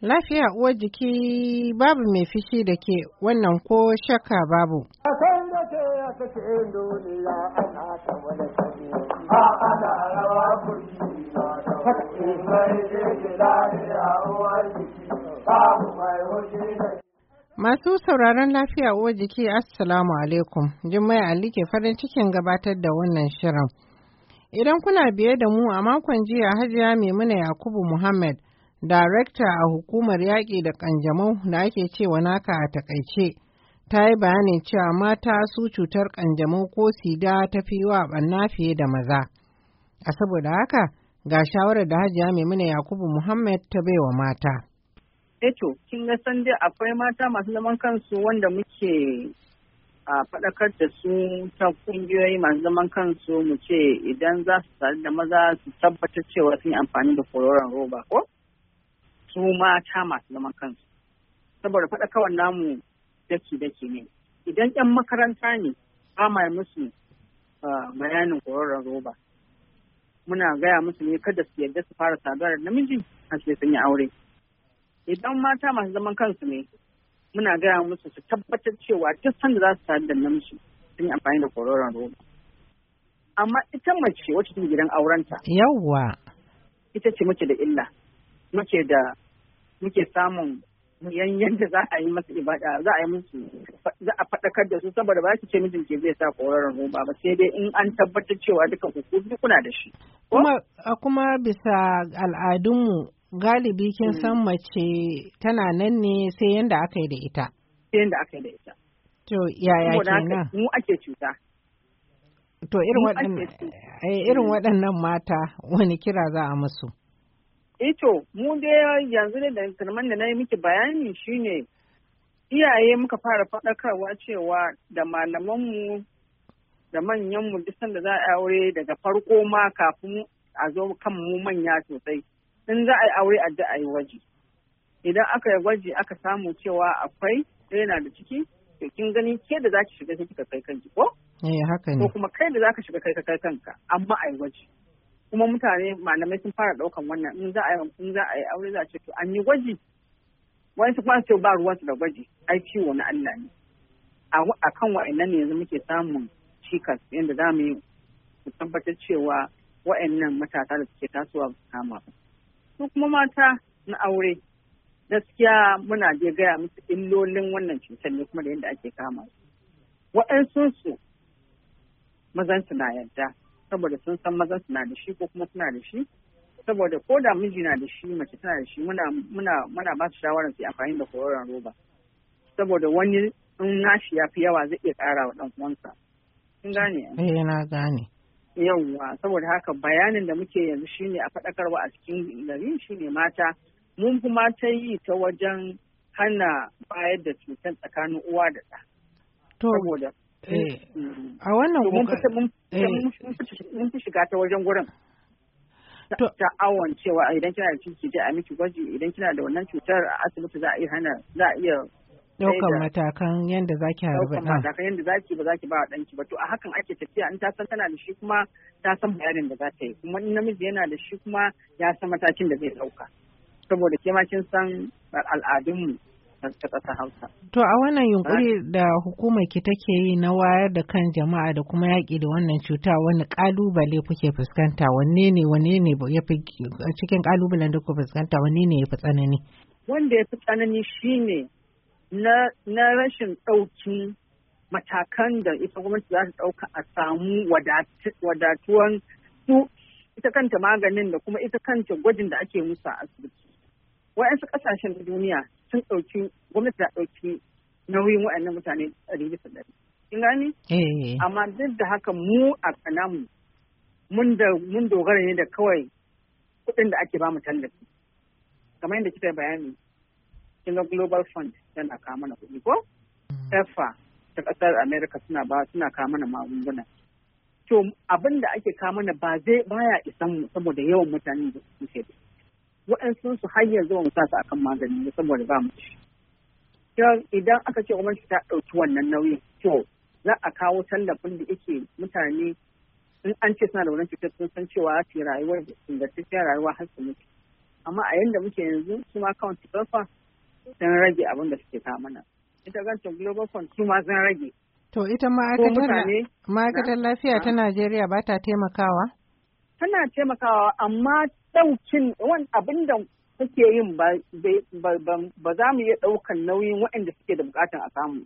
Lafiya uwar jiki babu mai fishi da ke wannan ko shakka babu. Masu sauraron lafiya uwar jiki Assalamu alaikum, jin mai ke farin cikin gabatar da wannan shirin. Idan kuna biye da mu a makon jiya Hajiya Maimuna Yakubu Muhammad, darekta a hukumar yaƙi da ƙanjamau da ake cewa naka a takaice, ta yi bayanin cewa mata su cutar ƙanjamau ko sida ta fi wa ɓanna fiye da maza. A saboda haka, ga shawarar da Hajiya Maimuna Yakubu Muhammad ta bai wa mata. Eto, eh kin ga san dai akwai mata masu zaman kansu wanda muke a faɗakar da su ta ƙungiyoyi masu zaman kansu mu ce idan za su sadu da maza su tabbatar cewa sun yi amfani da kororon roba ko su mata masu zaman kansu saboda faɗakawar namu daki daki ne idan yan makaranta ne ba ma musu bayanin kororon roba muna gaya musu ne kada su yarda su fara saduwa da namiji a sun yi aure idan mata masu zaman kansu ne muna gaya musu su tabbatar cewa duk sanda za su sadu da namiji sun yi amfani da kororon roba amma ita mace wacce ta gidan aurenta yawwa ita ce muke da illa muke da muke samun yan za a yi masa ibada za a yi musu za a faɗakar da su saboda ba su ce mijin ke zai sa kororon roba ba sai dai in an tabbatar cewa duka kuku kuna da shi kuma kuma bisa al'adunmu galibi kin san mm. mace tana nan ne sai yanda aka yi da ita. Sai yanda aka yi da ita. To yaya kenan? Mu ake cuta. To irin eh, mm. waɗannan mata wani kira za a musu? Ito, eh mu dai yanzu ne da kalman da na yi miki bayani shine iyaye muka fara faɗakarwa cewa da malamanmu da manyanmu duk sanda za a aure daga farko ma kafin a zo kan mu manya sosai. in za a yi aure a ji a yi gwaji idan aka yi gwaji aka samu cewa akwai yana da ciki to kin gani ke da zaki shiga kai kika kai kanki ko eh haka ne ko kuma kai da zaka shiga kai ka kai kanka amma a yi gwaji kuma mutane malamai sun fara daukan wannan in za a yi in za a yi aure za a ce to an yi gwaji wani su kuma ba ruwan su da gwaji ai ciwo na Allah ne a kan wa'annan ne yanzu muke samun cikas yadda za mu yi mu tabbatar cewa wa'annan matasa da suke tasowa su kama ba su kuma mata na aure gaskiya muna je gaya musu illolin wannan cutar ne kuma da yadda ake kama su waɗansu su mazan su na yarda saboda sun san mazan su na da shi ko kuma suna da shi saboda ko da miji na da shi mace tana da shi muna muna muna ba su shawarar su amfani da kororon roba saboda wani in nashi ya fi yawa zai iya ƙara wa ɗan uwansa. Kin gane? Eh na gane. yawwa saboda haka bayanin da muke yanzu shine a faɗakarwa a cikin gari shine mata mun kuma ta yi ta wajen hana bayar da cutar tsakanin uwa da ɗa. Saboda eh, eh, a wannan mun fi shiga ta wajen gurin. Ta awon cewa idan kina da ciki je a miki gwaji idan kina da wannan cutar a asibiti za a iya hana za a iya daukan matakan yadda za ki harbi ɗan. matakan yadda za ki ba za ki ba ɗanki ba to a hakan ake tafiya in ta san tana da shi kuma ta san bayanin da za ta yi kuma in namiji yana da shi kuma ya san matakin da zai ɗauka saboda ke ma kin san al'adunmu ta ƙasar Hausa. To a wannan yunkuri da hukumar ki take yi na wayar da kan jama'a da kuma yaƙi da wannan cuta wani ƙalubale kuke fuskanta wanne ne wanne ne ya fi cikin ƙalubalen da kuke fuskanta wanne ne ya fi tsanani? Wanda ya fi tsanani shine na rashin ɗauki matakan da ita gwamnati za ta ɗauka a samu wadatuwan su ita kanta maganin da kuma ita kanta gwajin da ake musu a asibiti. Wa'yansu ƙasashen duniya sun ɗauki gwamnati ta ɗauki nauyin waɗannan mutane ɗari bisa ɗari. Kin gani? Eh. Amma duk da haka mu a kanamu mun dogara ne da kawai kuɗin da ake bamu tallafi. Kamar yadda kika bayani, kin ga Global Fund. tana kawo mana kuɗi ko? Mm. EFA ta ƙasar Amerika suna ba suna kawo mana magunguna. To abin da ake kawo mana ba zai baya isan mu saboda yawan mutanen da suke da. Waɗansu su har yanzu ba mu sa su akan magani ne saboda ba mu shi. Idan aka ce gwamnati ta ɗauki wannan nauyin to za a kawo tallafin da yake mutane in an ce suna da wannan cutar sun san cewa su yi rayuwar ingantacciyar rayuwa har su mutu. Amma a yanda muke yanzu su ma kawai su sun rage abin da suke kama mana. Ita gancin Global Fund su ma sun rage. To ita ma'aikatar lafiya ta Najeriya ba ta taimakawa? Tana taimakawa amma ɗaukin wani abin da suke yin ba za mu iya ɗaukan nauyin waɗanda suke da bukatan a samu.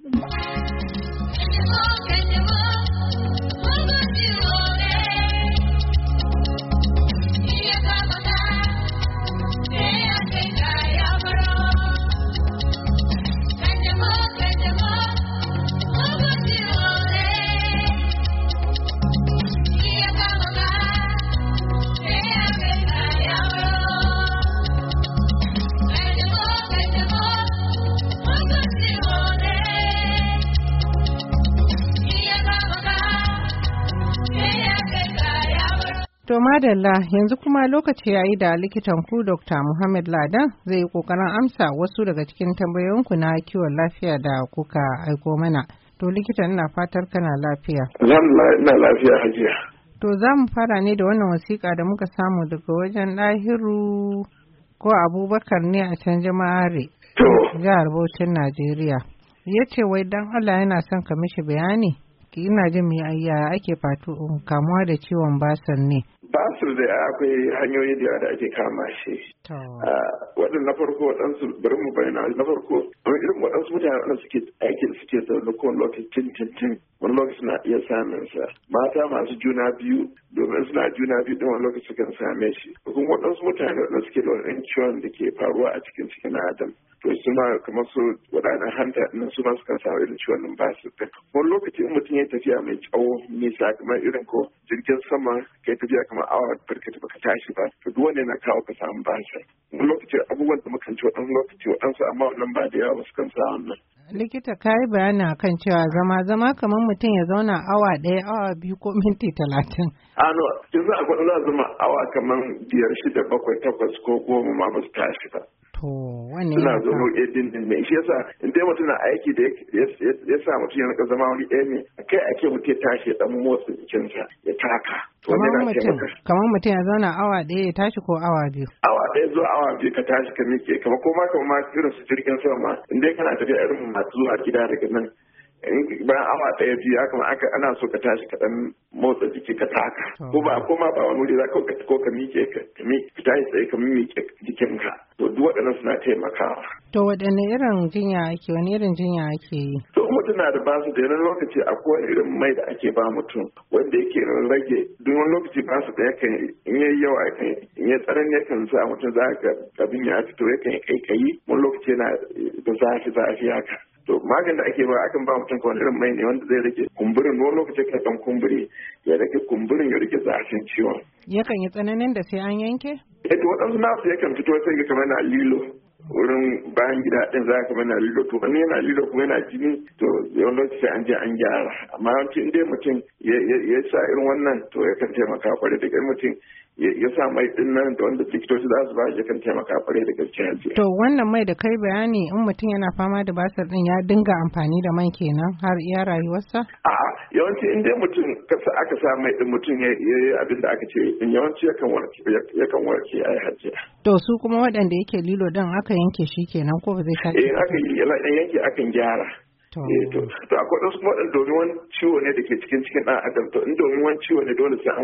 To madalla yanzu kuma lokaci ya yi da likitan ku Dr. Muhammad Ladan zai yi kokarin amsa wasu daga cikin tambayoyinku na kiwon lafiya da kuka aiko mana. To likitan ina fatar kana lafiya. Ina lafiya hajiya. To za mu fara ne da wannan wasiƙa da muka samu daga wajen ɗahiru ko abubakar ne a can jama'are. To. Jihar Bauchin Najeriya. Ya ce wai dan Allah yana son ka mishi bayani ina jin mai ayya ake fatu um, kamuwa da ciwon basan ne basir da akwai hanyoyi da yawa da ake kama shi ah, waɗanda na farko waɗansu bari mu bayyana na farko wani irin waɗansu mutane waɗanda suke aikin suke zaune ko lokacin tin tin tin wani lokaci suna iya samun sa mata masu juna biyu domin suna juna biyu ɗin wani lokaci suke same shi kuma waɗansu mutane waɗanda suke da wani ciwon da ke faruwa a cikin cikin adam to su ma kamar su waɗannan hanta nan su ma suka samu irin ciwon su da wani lokaci in mutum ya tafiya mai tsawo nisa kamar irin ko jirgin sama ka yi tafiya kamar awa ta baka tashi ba to duk wanda yana kawo ka samu basa wani lokaci abubuwan da mukan ci waɗannan lokaci waɗansu amma wannan ba da yawa su kan sa wannan. likita ka yi bayani kan cewa zama zama kamar mutum ya zauna awa ɗaya awa biyu ko minti talatin. a no yanzu a gwada zama awa kamar biyar shida bakwai takwas ko goma ma ba su tashi ba. To wannan suna zama ɗin din mai shi yasa in dai mutum na aiki da ya sa mutum ya rika zama wani ɗaya ne kai ake mutum ya tashi ya ɗan motsa jikinsa ya taka. Kamar mutum ya zauna awa ɗaya ya tashi ko awa biyu. Awa ɗaya zuwa awa biyu ka tashi ka miƙe kamar ko ma kamar ma irin su jirgin sama in dai kana tafiya irin masu zuwa gida daga nan bayan awa ɗaya biyu haka aka ana so ka tashi ka dan motsa jiki ka taka ko ba ko ma ba wani wuri za ka ko ka miƙe ka ka tashi tsaye ka miƙe jikinka to duk waɗannan suna taimakawa. To waɗanne irin jinya ake wani irin jinya ake yi? To mutum na da su da yanar lokaci a kowane irin mai da ake ba mutum wanda yake rage duk wani lokaci su da yakan in yayi yawa yakan in yayi tsaron yakan sa mutum za ka abin ya fito yakan yi kai wani lokaci yana da zafi zafi haka. to maganin da ake ba akan ba mutum kawai irin mai ne wanda zai rike kumburin wani lokaci ka dan kumburi ya rike kumburin ya rike zafin ciwon yakan yi tsananin da sai an yanke eh to wadansu nasu yakan fito sai ga kamar na lilo wurin bayan gida ɗin za ka mana lilo to wani yana lilo kuma yana jini to wani lokaci an je an gyara amma yawanci in dai mutum ya sa irin wannan to yakan taimaka kwarai da mutum ya sa mai din nan da wanda likitoci za su ba shi kan taimaka kware da gaskiya to wannan mai da kai bayani in mutum yana fama da basir din ya dinga amfani da man kenan har iya rayuwarsa a'a yawanci in dai mutum aka sa mai din mutum ya yi abin da aka ce in yawanci yakan warke yakan warke ai hajji to su kuma waɗanda yake lilo din aka yanke shi kenan ko ba zai sake eh aka yanke akan gyara Eh, to akwai wasu waɗanda domin wani ciwo ne da ke cikin cikin ɗan adam to in domin wani ciwo ne dole sai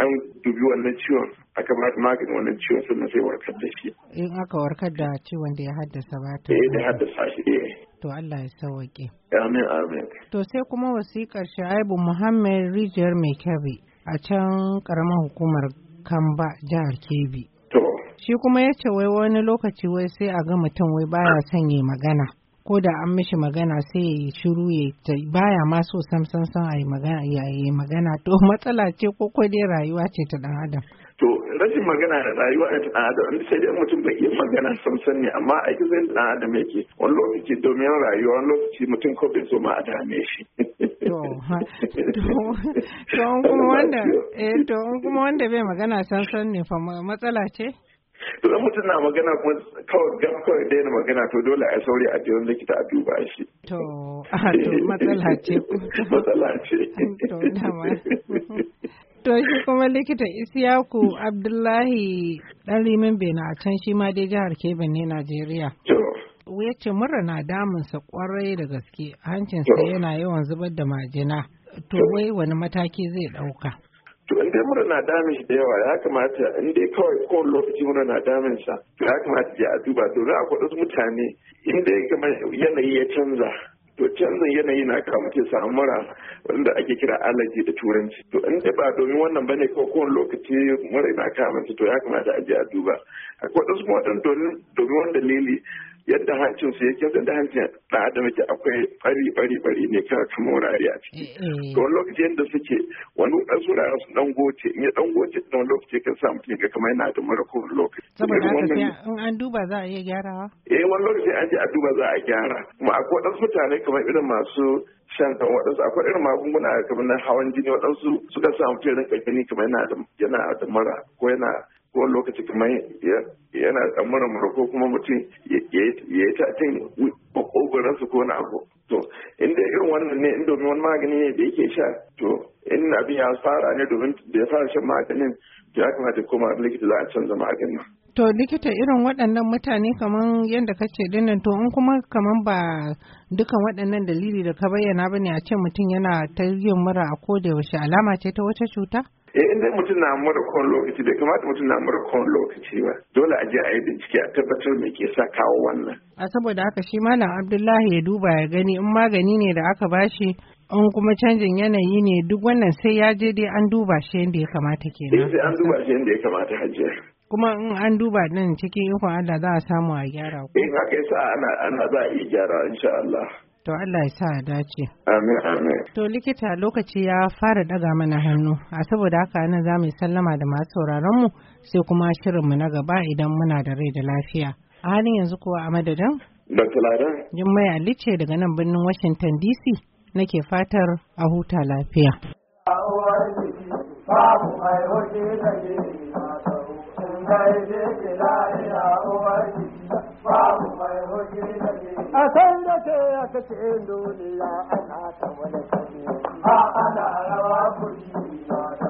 an dubi wannan ciwon aka ba maganin wannan ciwon sannan sai warkar da shi in aka warkar da ciwon da ya haddasa ba to eh da haddasa shi eh to Allah ya sauke amin amin to sai kuma wasiƙar Shaibu Muhammad Rijiyar Mai Kebbi a can ƙaramar hukumar Kamba jihar Kebbi To. shi kuma ya ce wai wani lokaci wai sai a ga mutum wai baya son yi magana ko da an mishi magana sai ya yi shiru ya baya ma so sam sam sam a yi magana ya yi magana to matsala ce ko ko dai rayuwa ce ta dan adam to rashin magana da rayuwa ta dan adam sai dai mutum bai yi magana sam sam ne amma a zai dan adam yake wani lokaci domin rayuwa wani lokaci mutum ko bai zo ma a dame shi to eh, kuma wanda bai magana sam san ne fa matsala ce to da mutum na magana kuma kawai gan kawai daina magana to dole a sauri a jiran likita a duba shi to ah, to matsala ce matsala ce to shi kuma likita Isiyaku Abdullahi dan Rimin Bena a can shi ma dai jihar Kebbi ne Najeriya to ya ce mura na damunsa kwarai da gaske hancinsa yana yawan zubar da majina to wai wani mataki zai ɗauka to in dai mura na damin shi da yawa ya kamata in dai kawai kowane lokaci mura na damin sa to ya kamata ya duba domin akwai wasu mutane in dai kamar yanayi ya canza to canzan yanayi na kawo mutum samu mura wanda ake kira alaji da turanci to in dai ba domin wannan bane ko kowane lokaci mura na kawo to ya kamata a je a duba akwai wasu kuma domin wani dalili yadda hancin su yake da hancin ɗan adam yake akwai bari bari bari ne kawai kamar wurare a ciki eh, eh. to wani lokaci yadda suke wani ɗan wurare su ɗan goce in ya ɗan goce ɗan lokaci kan sa mutum ga kamar yana da mara kowane lokaci. saboda haka sai in an duba za a iya gyarawa. eh wani lokaci an je a duba za a gyara kuma akwai dan mutane kamar irin masu shan kan waɗansu akwai irin magunguna kamar na hawan jini waɗansu suka sa mutum rinka gani kamar yana da mara ko yana ko lokaci kuma yana tsammanin mura ko kuma mutum ya yi tatin su ko na abu to inda irin wannan ne inda domin wani magani ne da yake sha to in abin ya fara ne domin da ya fara shan maganin ya kamata koma likita za a canza maganin to likita irin waɗannan mutane kamar yadda ka ce dinnan to in kuma kamar ba dukan waɗannan dalili da ka bayyana ba ne a ce mutum yana ta yin mura a koda yaushe alama ce ta wata cuta eh inda mutum na mara kowane lokaci bai kamata mutum na mara lokaci ba dole a je a yi bincike a tabbatar me ke sa kawo wannan a saboda haka shi malam abdullahi ya duba ya gani in magani ne da aka bashi in kuma canjin yanayi ne duk wannan sai ya je dai an duba shi yadda ya kamata kenan eh, sai an duba shi yadda ya kamata hajiya kuma in an duba nan cikin ikon Allah za a samu a gyara ku. Eh, in haka yasa ana ana za a iya gyara insha Allah. To Allah ya sa a dace. Amin amin. To likita lokaci ya fara daga mana hannu, a saboda haka anan za mu sallama da masu sauraronmu sai kuma shirinmu na gaba idan muna da rai da lafiya. A halin yanzu kuwa a madadin? Dr. Ladan. Jummai Ali ce daga nan birnin Washington DC nake fatar a huta lafiya. Babu mai da ke a san da ke a cikin duniya ana ta wani kame a ana rawa kuri na